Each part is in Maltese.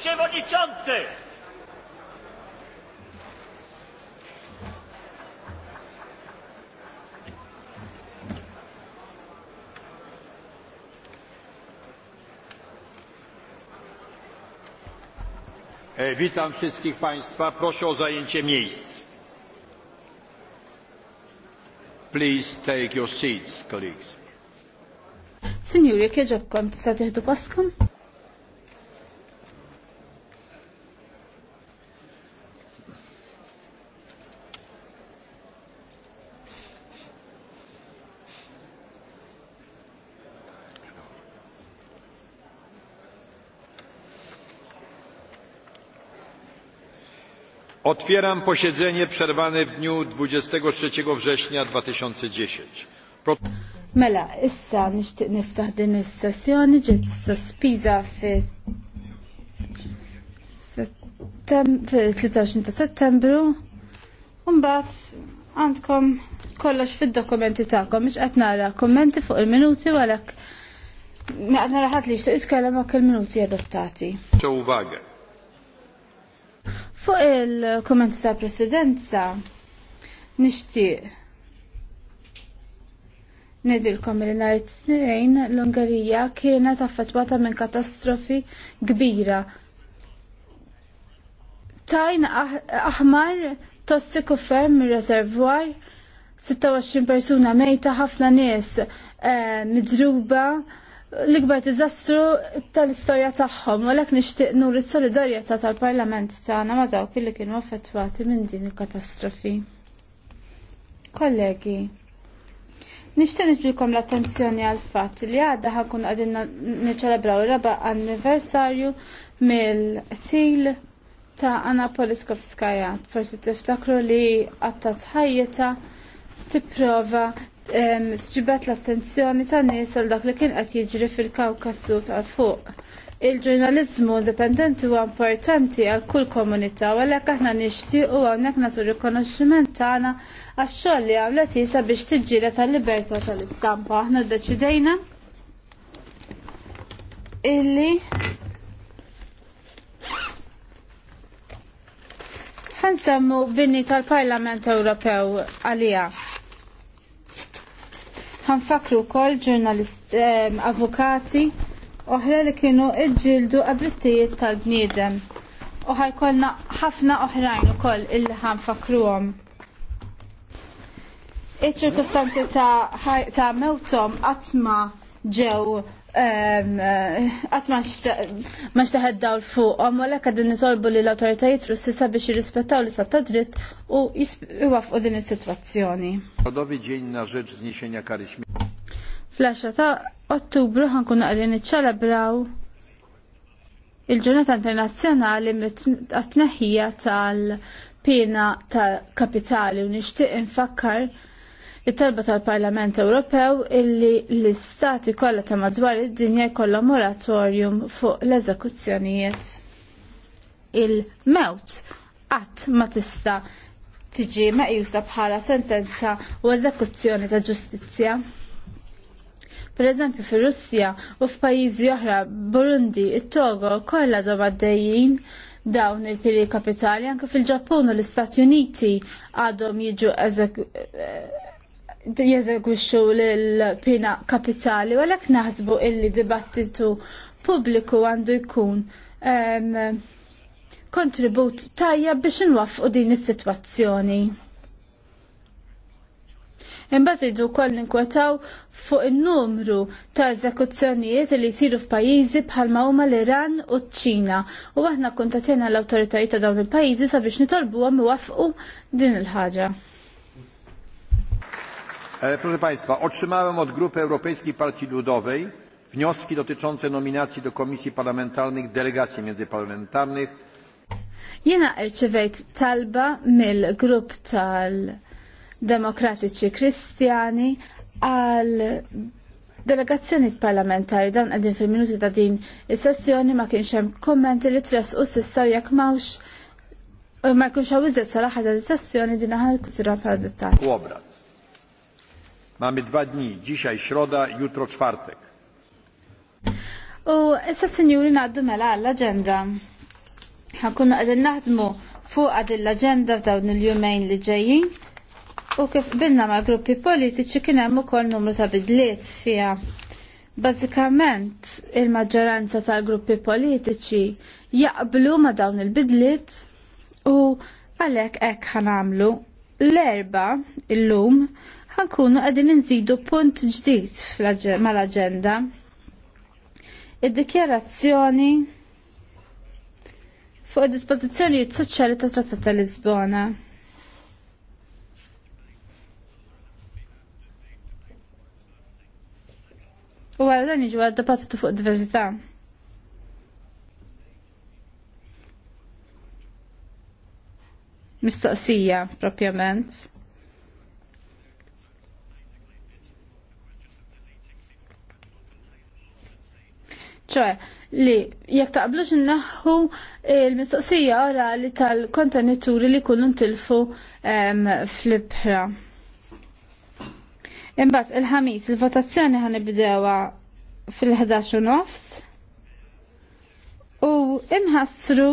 Przewodniczący! E, witam wszystkich Państwa. Proszę o zajęcie miejsc. Please take your seats, colleagues. Signori, kieġobkom tista' tieħdu paskom? Otwieram posiedzenie przerwane w dniu 23 września 2010. Mela, issa nishtiq niftaħ din is-sessjoni ġiet sospiża fi 23 ta' Settembru u mbagħad għandkom kollox fid-dokumenti tagħkom biex qed nara kommenti fuq il-minuti għalhekk qed mela, nara ħadd li iskallam għak il-minuti adottati. Ċewwaga. Fuq il-komment ta' presidenza, nishtiq Nidilkom li nhar snejn l-Ungerija kienet affettwata minn katastrofi kbira. Tajn ah-, aħmar tossiku ferm reservwar 26 persuna mejta ħafna nies eh, midruba l-ikbar diżastru tal-istorja tagħhom, u lek nixtieq nur is-solidarjetà tal-Parlament tagħna ma' dawk li kienu affettwati minn din il-katastrofi. Kollegi, nixtieq niġbilkom l-attenzjoni għal fatt li għadda ħakun qegħdin niċċelebraw ir-raba' anniversarju mill-qtil ta' Anna Poliskovskaja. Forsi tiftakru li għatta tħajjeta tipprova ġibet l-attenzjoni ta' nies għal dak li kien qed jiġri fil-Kawkassu ta' fuq. Il-ġurnalizmu indipendenti huwa importanti għal kull komunità u għalhekk aħna nixtiequ hawnhekk nagħtu rikonoxximent tagħna għax-xogħol li għamlet isa biex tiġġiela tal-libertà tal-istampa. Aħna ddeċidejna illi ħansemmu bini tal-Parlament Ewropew għalija ħanfakru wkoll ġurnalist eh, avukati oħra li kienu iġġieldu għad-drittijiet tal-bniedem. U kolna ħafna oħrajn ukoll illi ħanfakruhom. Iċ-ċirkustanzi ta', ta mewtom qatt ma ġew għat eh, ma xtaħeddaw l fuq u l-ekka din nisolbu li l autoritajt russisa biex jirrispettaw li sabta dritt u jwafqu din il-situazzjoni. Rodowi ġin na rzecz zniesienia kary Flasha ta' ottubru ħankun għadin iċċalabraw il-ġurnata internazzjonali mit-tneħħija tal pina tal-kapitali u nixtieq infakkar it-talba tal-Parlament Ewropew illi l-istati kollha ta' madwar id-dinja jkollhom moratorium fuq l-eżekuzzjonijiet. Il-mewt qatt ma tista' tiġi meqjusa bħala sentenza u eżekuzzjoni ta' ġustizzja. Per eżempju fir-Russja u f'pajjiżi oħra Burundi, it-Togo kollha doba dejjin dawn il-piri kapitali anke fil-Ġappun u l-Istati Uniti għadhom jiġu jeżegwixxu l-pina kapitali, u għalhekk naħsbu illi dibattitu pubbliku għandu jkun kontribut tajja biex nwaffqu din is-sitwazzjoni. Imbagħad idu wkoll ninkwetaw fuq in-numru ta' eżekuzzjonijiet li jsiru f'pajjiżi bħalma huma l-Iran u ċ-Ċina u aħna kuntatjena l-awtoritajiet ta' dawn il-pajjiżi sabiex nitolbuhom iwaffqu din il-ħaġa. E, proszę Państwa, otrzymałem od Grupy Europejskiej Partii Ludowej wnioski dotyczące nominacji do komisji parlamentarnych delegacji międzyparlamentarnych. Jena irċivejt talba mill-grupp tal-Demokratiċi Kristjani għal delegazzjoni parlamentari dan għadin fil-minuti ta' din il sessjoni ma kienx hemm kommenti li tresqu s'issaw jekk mawx ma kienx hawn iżjed sal-aħħar tal-sessjoni din aħna l-kusura bħala dittat. Mamy dwa dni, dzisiaj środa, jutro czwartek. U issa sinjuri naddu mela għall-agenda. Ħankunu għadin naħdmu fuq għad l-agenda f'dawn il-jumejn li ġejjin u kif binna ma' gruppi politiċi kien hemm ukoll numru ta' bidliet fiha. Bażikament il-maġġoranza tal-gruppi politiċi jaqblu ma' dawn il-bidliet u għalhekk hekk ħanamlu l-erba' illum lum ħankun għadin nżidu punt ġdid mal-agenda. Id-dikjarazzjoni fuq id-dispożizzjonijiet soċjali ta' Trattat ta' Lisbona. U għal dan jiġu għad fuq diversità. Mistoqsija, propjament. ċe, li jek taqblux naħu il-mistoqsija orali tal-kontenituri li kunu ntilfu fl-ibħra. Imbagħad il-ħamis il-votazzjoni ħanibdewa fil-11 nofs u inħassru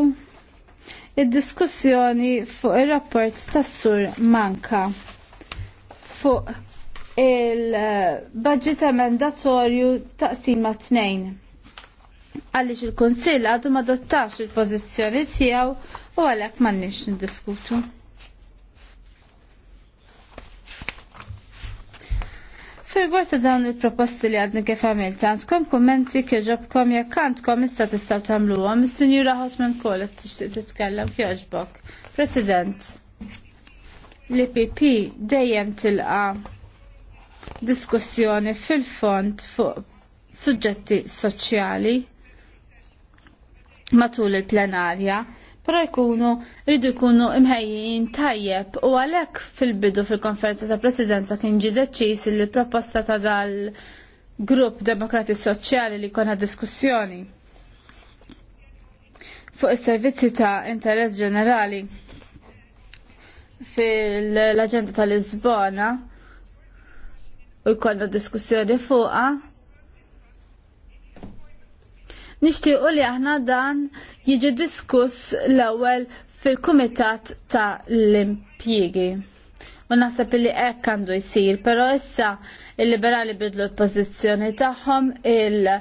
il diskussjoni fuq ir-rapport tas-sur manka fuq il-budget emendatorju taqsima 2 għaliex il-Kunsill għadu ma dottax il-pożizzjoni tiegħu u għalhekk m'għandniex niddiskutu. Fil-gwar ta' dawn il-proposti li għadni kif għamilt, għandkom kommenti kieġobkom jekk għandkom issa tistgħu għam, s sinjura ħosman Kolet tixtieq titkellem kieġbok. President, l-IPP dejjem tilqa' diskussjoni fil-fond fuq suġġetti soċjali matul il-plenarja, pero jkunu rridu jkunu imħejjin tajjeb u għalhekk fil-bidu fil-konferenza ta' presidenza kien ġi deċiż li proposta ta' dal grupp demokrati soċjali li konha diskussjoni fuq is-servizzi ta' interess ġenerali fil-aġenda tal-Lisbona u jkollna diskussjoni fuqha nixtiequ li aħna dan jiġi diskuss l-ewwel fil-Kumitat ta' l-Impjiegi. U naħseb li hekk għandu jsir, pero issa il-liberali bidlu l-pożizzjoni tagħhom il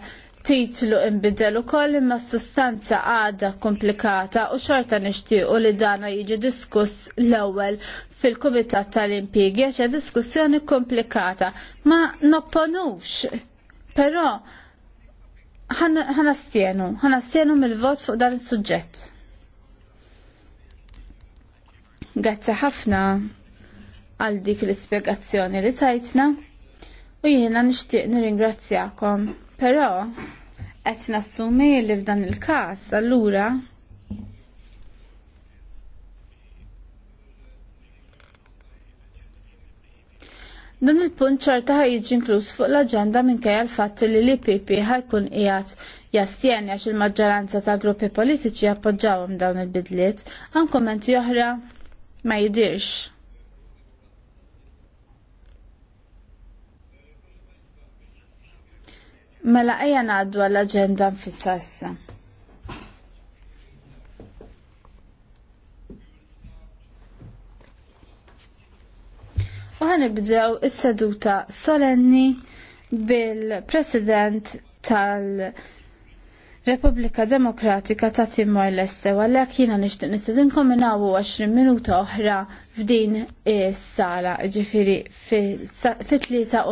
titlu imbidelu ukoll imma sustanza għadha komplikata u xorta nixtiequ li dana jiġi diskuss l-ewwel fil-Kumitat tal-Impjiegi għax diskussjoni komplikata. Ma nopponux, però ħana stjenu mill-vot fuq dan is-suġġett. Grazzi ħafna għal dik l-ispjegazzjoni li tajtna u jiena nixtieq nirringrazzjakom, però qed nassumi li f'dan il-każ allura Dan il-punt ċerta ħajġi inkluż fuq l-aġenda minkejja l-fatt li l-IPP ħajkun qiegħed jastjeni għax il-maġġoranza ta' gruppi politiċi appoġġawhom dawn il-bidliet, għan kommenti oħra ma jidirx. Mela ejja ngħaddu għall-aġenda nfissa issa. u ħanibdew is-seduta solenni bil-President tal- Repubblika Demokratika ta' Timor Leste, għallek jina nishtiq nistudinkom minnawu 20 minuta oħra f'din is-sala, ġifiri fit-tlieta